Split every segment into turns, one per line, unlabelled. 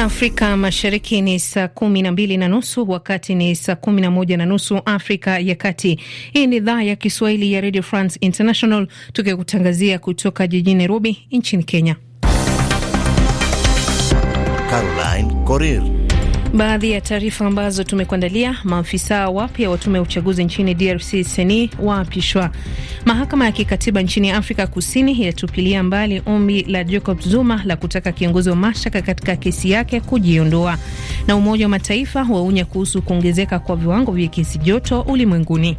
Afrika Mashariki ni saa kumi na mbili na nusu wakati ni saa kumi na moja na nusu Afrika ya Kati. Hii ni idhaa ya Kiswahili ya Radio France International tukikutangazia kutoka jijini Nairobi nchini Kenya.
Caroline Coril
Baadhi ya taarifa ambazo tumekuandalia: maafisa wapya wa tume ya uchaguzi nchini DRC seni waapishwa. Mahakama ya kikatiba nchini Afrika Kusini yatupilia mbali ombi la Jacob Zuma la kutaka kiongozi wa mashtaka katika kesi yake kujiondoa. Na Umoja wa Mataifa waonya kuhusu kuongezeka kwa viwango vya kesi joto ulimwenguni.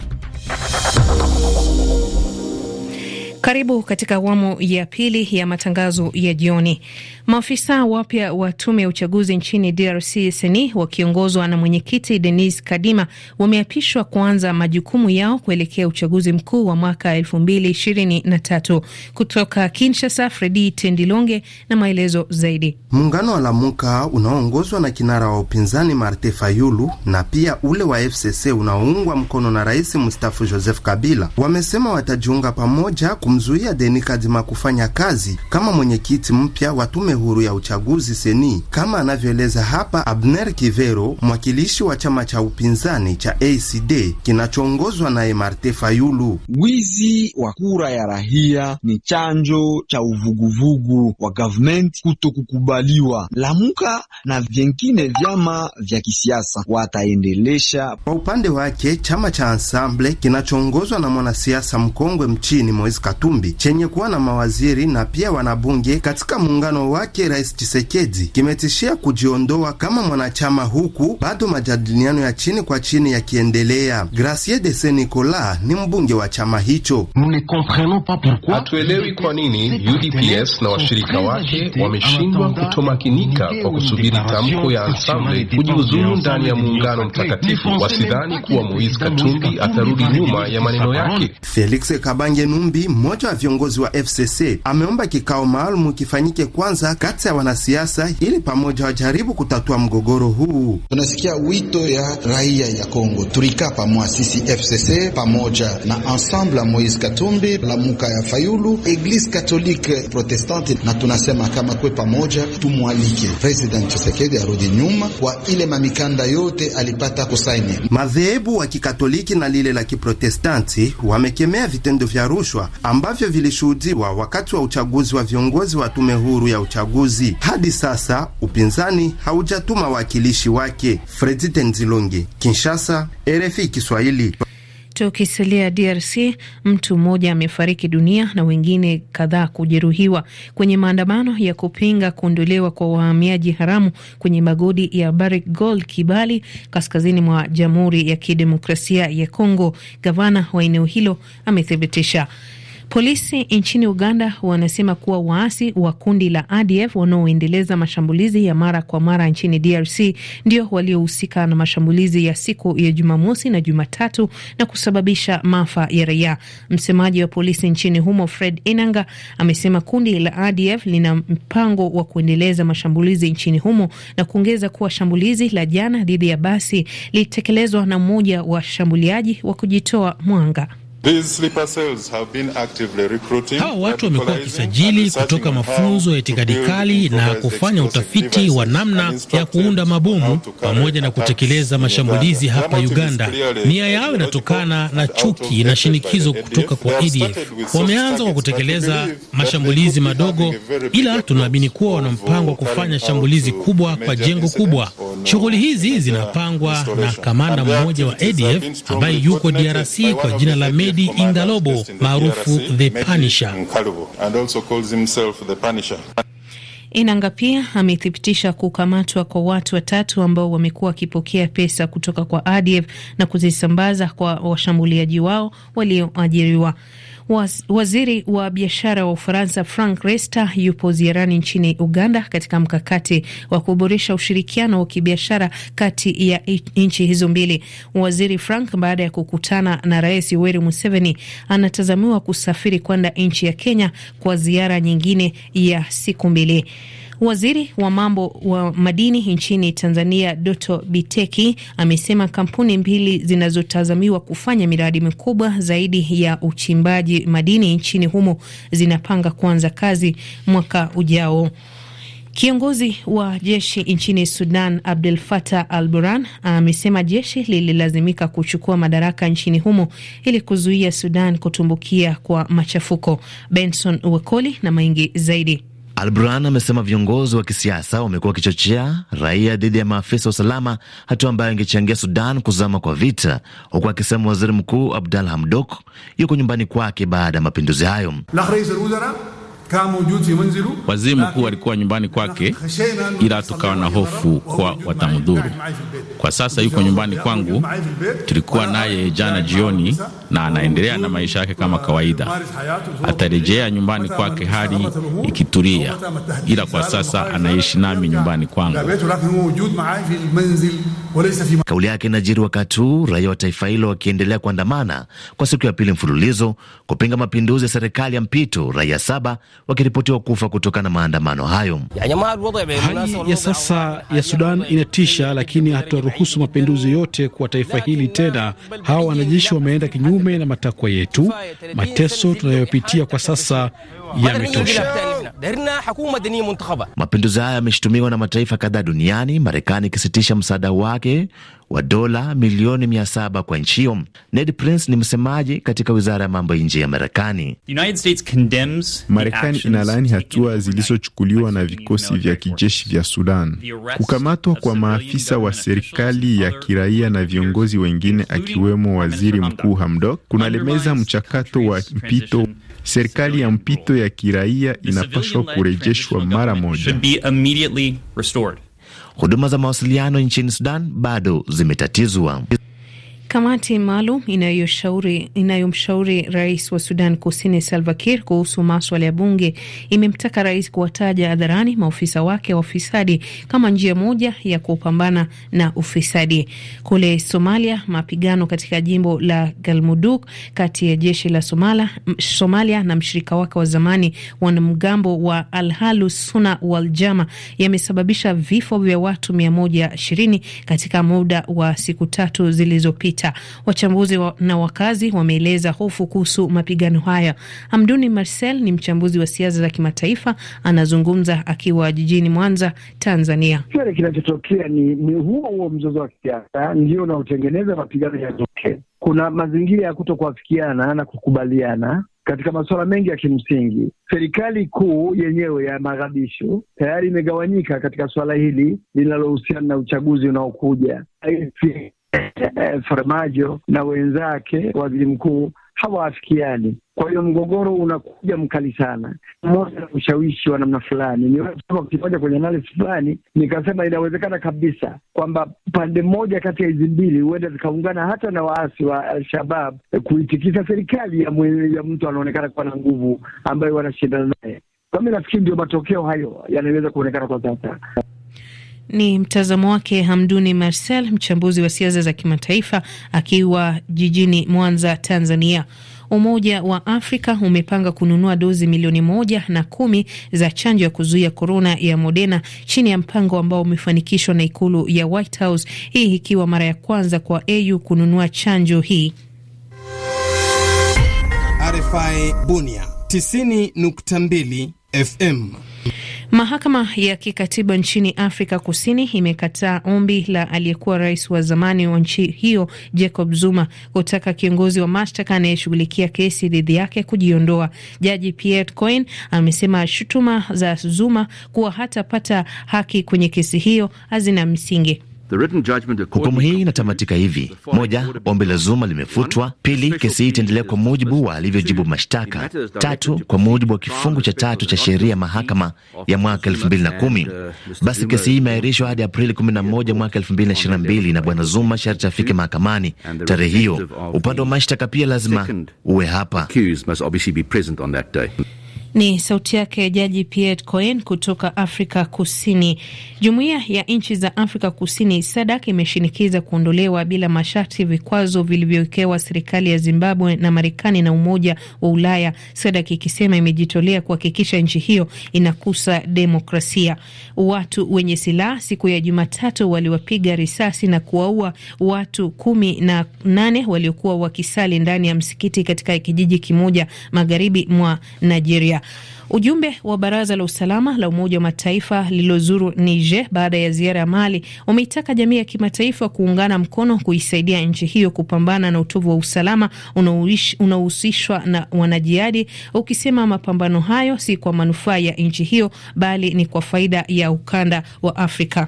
Karibu katika awamu ya pili ya matangazo ya jioni. Maafisa wapya wa tume ya uchaguzi nchini DRC seni wakiongozwa na mwenyekiti Denis Kadima wameapishwa kuanza majukumu yao kuelekea uchaguzi mkuu wa mwaka tatu. Kutoka Kinshasa, Fredi Tendilonge na maelezo zaidi.
Muungano wa Lamuka unaoongozwa na kinara wa upinzani Marte Fayulu na pia ule wa FCC unaoungwa mkono na rais mstaafu Joseph Kabila wamesema watajiunga pamoja kumzuia Deni Kadima kufanya kazi kama mwenyekiti mpya wa tume huru ya uchaguzi seni, kama anavyoeleza hapa Abner Kivero, mwakilishi wa chama cha upinzani cha ACD kinachoongozwa naye Marte Fayulu. Wizi wa kura ya rahia ni chanjo cha uvuguvugu wa government kuto kukubaliwa Lamuka na vyengine vyama vya kisiasa wataendelesha. Kwa upande wake chama cha Ensemble kinachoongozwa na mwanasiasa mkongwe mchini Moise Katumbi chenye kuwa na mawaziri na pia wanabunge katika muungano wake Rais Tshisekedi kimetishia kujiondoa kama mwanachama, huku bado majadiliano ya chini kwa chini yakiendelea. Gracie de Saint Nicolas ni mbunge wa chama hicho. Hatuelewi kwa nini UDPS na washirika wake wameshindwa kutomakinika kwa kusubiri tamko ya Ensemble kujiuzulu ndani ya muungano mtakatifu. Wasidhani kuwa Moise Katumbi atarudi nyuma ya maneno yake. Felix Kabange Numbi mmoja wa viongozi wa FCC ameomba kikao maalumu kifanyike kwanza kati ya wanasiasa ili pamoja wajaribu kutatua mgogoro huu. Tunasikia wito ya raia ya Kongo, tulikaa pamoja sisi FCC pamoja na ensemble ya Moise Katumbi, Lamuka ya Fayulu, Eglise Katolike Protestante, na tunasema kama kwe pamoja tumwalike President Chisekedi arudi nyuma kwa ile mamikanda yote alipata kusaini. Madhehebu wa kikatoliki na lile la kiprotestanti wamekemea vitendo vya rushwa ambavyo vilishuhudiwa wakati wa uchaguzi wa viongozi wa tume huru ya uchaguzi. Hadi sasa upinzani haujatuma wawakilishi wake. Fredi Tenzilonge, Kinshasa, RFI Kiswahili.
Tukisalia DRC, mtu mmoja amefariki dunia na wengine kadhaa kujeruhiwa kwenye maandamano ya kupinga kuondolewa kwa wahamiaji haramu kwenye magodi ya Barrick Gold Kibali, kaskazini mwa Jamhuri ya Kidemokrasia ya Kongo. Gavana wa eneo hilo amethibitisha Polisi nchini Uganda wanasema kuwa waasi wa kundi la ADF wanaoendeleza mashambulizi ya mara kwa mara nchini DRC ndio waliohusika na mashambulizi ya siku ya Jumamosi na Jumatatu na kusababisha maafa ya raia. Msemaji wa polisi nchini humo Fred Enanga amesema kundi la ADF lina mpango wa kuendeleza mashambulizi nchini humo na kuongeza kuwa shambulizi la jana dhidi ya basi lilitekelezwa na mmoja wa washambuliaji wa kujitoa mwanga.
Hawa watu wamekuwa wakisajili kutoka mafunzo ya itikadi kali na kufanya utafiti wa namna ya kuunda mabomu pamoja na kutekeleza mashambulizi hapa Uganda. Nia yao inatokana na chuki na shinikizo kutoka kwa ADF. Wameanza kwa kutekeleza mashambulizi madogo, ila tunaamini kuwa wana mpango wa kufanya shambulizi kubwa kwa jengo kubwa. Uh, Shughuli hizi uh, zinapangwa na kamanda mmoja wa ADF ambaye yuko DRC kwa jina la Eddie Ingalobo maarufu The Punisher
inanga pia amethibitisha kukamatwa kwa watu watatu ambao wamekuwa wakipokea pesa kutoka kwa ADF na kuzisambaza kwa washambuliaji wao walioajiriwa. Waziri wa biashara wa Ufaransa Frank rester yupo ziarani nchini Uganda katika mkakati wa kuboresha ushirikiano wa kibiashara kati ya nchi hizo mbili. Waziri Frank, baada ya kukutana na Rais Yoweri Museveni, anatazamiwa kusafiri kwenda nchi ya Kenya kwa ziara nyingine ya siku mbili. Waziri wa mambo wa madini nchini Tanzania Doto Biteki amesema kampuni mbili zinazotazamiwa kufanya miradi mikubwa zaidi ya uchimbaji madini nchini humo zinapanga kuanza kazi mwaka ujao. Kiongozi wa jeshi nchini Sudan abdul fatah Al buran amesema jeshi lililazimika kuchukua madaraka nchini humo ili kuzuia Sudan kutumbukia kwa machafuko. Benson wekoli na mengi zaidi
albran amesema viongozi wa kisiasa wamekuwa wakichochea raia dhidi ya maafisa wa usalama, hatua ambayo ingechangia Sudan kuzama kwa vita, huku akisema waziri mkuu abdal Hamdok yuko nyumbani kwake baada ya mapinduzi hayo.
Waziri mkuu alikuwa nyumbani kwake, ila tukawa na hofu kwa watamdhuru. Kwa sasa yuko nyumbani kwangu, tulikuwa naye jana jioni, na anaendelea na maisha yake kama kawaida. Atarejea
nyumbani kwake hali ikitulia, ila kwa sasa anaishi nami nyumbani kwangu. Kauli yake inajiri wakati huu raia wa taifa hilo wakiendelea kuandamana kwa siku ya pili mfululizo kupinga mapinduzi ya serikali ya mpito, raia saba wakiripotiwa kufa kutokana na maandamano hayo.
Hali ya sasa ya Sudan inatisha, lakini hatuwaruhusu mapinduzi yote kwa taifa hili tena. Hawa wanajeshi wameenda kinyume na matakwa yetu. Mateso tunayopitia kwa sasa
yametosha. Mapinduzi haya yameshutumiwa na mataifa kadhaa duniani, Marekani ikisitisha msaada wake wa dola milioni 700 kwa nchi hiyo. Ned Prince ni msemaji katika wizara ya mambo ya nje ya Marekani. Marekani inalaani
hatua zilizochukuliwa na vikosi vya kijeshi vya Sudan, kukamatwa kwa maafisa wa serikali ya kiraia na viongozi wengine akiwemo waziri mkuu Hamdok kunalemeza mchakato wa mpito Serikali ya mpito
ya kiraia inapaswa kurejeshwa mara moja. Huduma za mawasiliano nchini Sudan bado zimetatizwa.
Kamati maalum inayomshauri rais wa Sudan Kusini Salva Kiir kuhusu maswala ya bunge imemtaka rais kuwataja hadharani maofisa wake wa ufisadi kama njia moja ya kupambana na ufisadi. Kule Somalia, mapigano katika jimbo la Galmudug kati ya jeshi la Somala, Somalia na mshirika wake wa zamani wanamgambo wa Alhalu Suna Waljama yamesababisha vifo vya watu 120 katika muda wa siku tatu zilizopita vita. Wachambuzi wa, na wakazi wameeleza hofu kuhusu mapigano haya. Hamduni Marcel ni mchambuzi wa siasa za kimataifa, anazungumza akiwa jijini Mwanza, Tanzania.
Kile kinachotokea ni, ni huo huo mzozo wa kisiasa ndio unaotengeneza mapigano yatokee. Kuna mazingira ya kutokuafikiana na kukubaliana katika masuala mengi ya kimsingi. Serikali kuu yenyewe ya maghadisho tayari imegawanyika katika suala hili linalohusiana na uchaguzi unaokuja. Eh, Farmajo na wenzake waziri mkuu hawaafikiani. Kwa hiyo mgogoro unakuja mkali sana, mmoja na ushawishi wa namna fulani. Niweza kusema kitu moja kwenye analisis fulani, nikasema inawezekana kabisa kwamba pande moja kati ya hizi mbili huenda zikaungana hata na waasi wa Al-Shabab eh, kuitikisa serikali ya, ya mtu anaonekana kuwa na nguvu ambayo wanashindana naye. Kwa mi nafikiri ndio matokeo hayo yanaweza kuonekana kwa sasa.
Ni mtazamo wake Hamduni Marcel, mchambuzi wa siasa za kimataifa akiwa jijini Mwanza, Tanzania. Umoja wa Afrika umepanga kununua dozi milioni moja na kumi za chanjo ya kuzuia korona ya Moderna chini ya mpango ambao umefanikishwa na ikulu ya White House, hii ikiwa mara ya kwanza kwa AU kununua chanjo hii.
RFI Bunia 90.2 FM
Mahakama ya kikatiba nchini Afrika Kusini imekataa ombi la aliyekuwa rais wa zamani wa nchi hiyo Jacob Zuma kutaka kiongozi wa mashtaka anayeshughulikia kesi dhidi yake kujiondoa. Jaji Pierre Coin amesema shutuma za Zuma kuwa hatapata haki kwenye kesi hiyo hazina msingi.
Hukumu hii inatamatika hivi: moja, ombi la Zuma limefutwa; pili, kesi hii itaendelea kwa mujibu wa alivyojibu mashtaka; tatu, kwa mujibu wa kifungu cha tatu cha sheria mahakama ya mwaka uh, kumi. Basi kesi hii imeahirishwa hadi Aprili 11 mwaka mbili na bwana Zuma sharti afike mahakamani tarehe hiyo. Upande wa mashtaka pia lazima uwe hapa.
Ni sauti yake Jaji Piet Coen kutoka Afrika Kusini. Jumuiya ya nchi za Afrika Kusini SADAK imeshinikiza kuondolewa bila masharti vikwazo vilivyowekewa serikali ya Zimbabwe na Marekani na Umoja wa Ulaya, SADAK ikisema imejitolea kuhakikisha nchi hiyo inakusa demokrasia. Watu wenye silaha siku ya Jumatatu waliwapiga risasi na kuwaua watu kumi na nane waliokuwa wakisali ndani ya msikiti katika kijiji kimoja magharibi mwa Nigeria. Ujumbe wa Baraza la Usalama la Umoja wa Mataifa lililozuru Niger baada ya ziara ya Mali umeitaka jamii ya kimataifa kuungana mkono kuisaidia nchi hiyo kupambana na utovu wa usalama unaohusishwa na wanajihadi, ukisema mapambano hayo si kwa manufaa ya nchi hiyo bali ni kwa faida ya ukanda wa Afrika.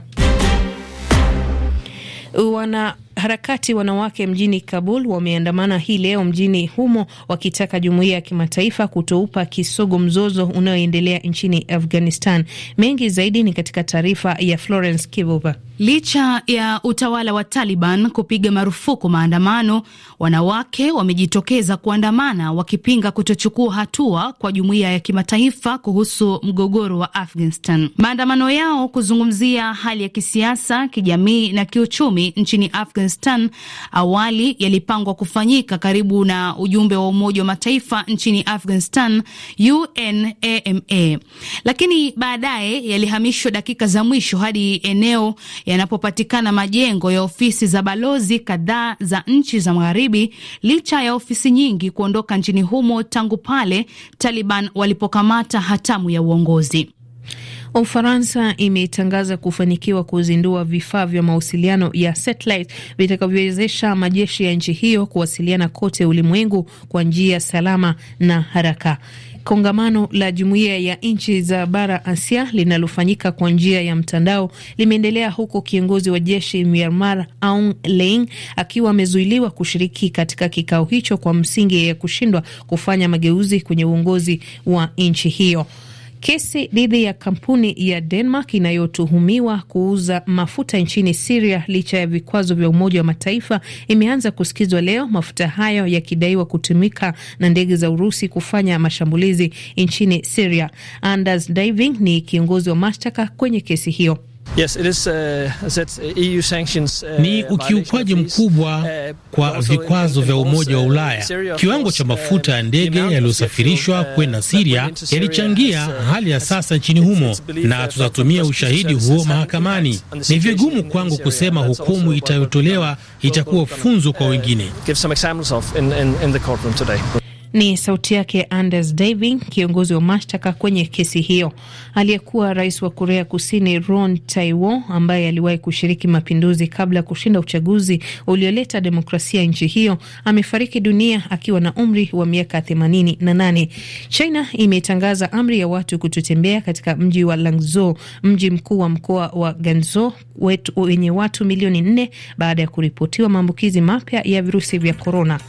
Wana Wanaharakati wanawake mjini Kabul wameandamana hii leo mjini humo wakitaka jumuiya ya kimataifa kutoupa kisogo mzozo unaoendelea nchini Afghanistan. Mengi zaidi ni katika taarifa ya Florence Kivuva. Licha ya utawala wa Taliban kupiga marufuku maandamano, wanawake wamejitokeza kuandamana wakipinga kutochukua hatua kwa jumuiya ya kimataifa kuhusu mgogoro wa Afghanistan. Maandamano yao kuzungumzia hali ya kisiasa, kijamii na kiuchumi nchini Afghanistan Afghanistan awali yalipangwa kufanyika karibu na ujumbe wa Umoja wa Mataifa nchini Afghanistan, UNAMA, lakini baadaye yalihamishwa dakika za mwisho hadi eneo yanapopatikana majengo ya ofisi za balozi kadhaa za nchi za Magharibi, licha ya ofisi nyingi kuondoka nchini humo tangu pale Taliban walipokamata hatamu ya uongozi. Ufaransa imetangaza kufanikiwa kuzindua vifaa vya mawasiliano ya satellite vitakavyowezesha majeshi ya nchi hiyo kuwasiliana kote ulimwengu kwa njia salama na haraka. Kongamano la jumuiya ya nchi za bara Asia linalofanyika kwa njia ya mtandao limeendelea huku kiongozi wa jeshi Myanmar Aung Hlaing akiwa amezuiliwa kushiriki katika kikao hicho kwa msingi ya kushindwa kufanya mageuzi kwenye uongozi wa nchi hiyo. Kesi dhidi ya kampuni ya Denmark inayotuhumiwa kuuza mafuta nchini Siria licha ya vikwazo vya Umoja wa Mataifa imeanza kusikizwa leo, mafuta hayo yakidaiwa kutumika na ndege za Urusi kufanya mashambulizi nchini Siria. Anders Diving ni kiongozi wa mashtaka kwenye kesi hiyo.
Yes, it is, uh, EU sanctions, uh,
ni ukiukwaji mkubwa uh, kwa vikwazo vya Umoja wa Ulaya. Kiwango cha uh, mafuta ya ndege yaliyosafirishwa uh, kwenda Siria yalichangia hali ya sasa nchini humo, na tutatumia ushahidi huo mahakamani. Ni vigumu kwangu kusema hukumu itayotolewa itakuwa funzo kwa wengine.
Ni sauti yake Anders Davi, kiongozi wa mashtaka kwenye kesi hiyo. Aliyekuwa rais wa Korea Kusini Ron Taiwo, ambaye aliwahi kushiriki mapinduzi kabla ya kushinda uchaguzi ulioleta demokrasia nchi hiyo, amefariki dunia akiwa na umri wa miaka 88. China imetangaza amri ya watu kutotembea katika mji wa langzo mji mkuu wa mkoa wa ganzo wenye watu milioni 4 baada ya kuripotiwa maambukizi mapya ya virusi vya korona.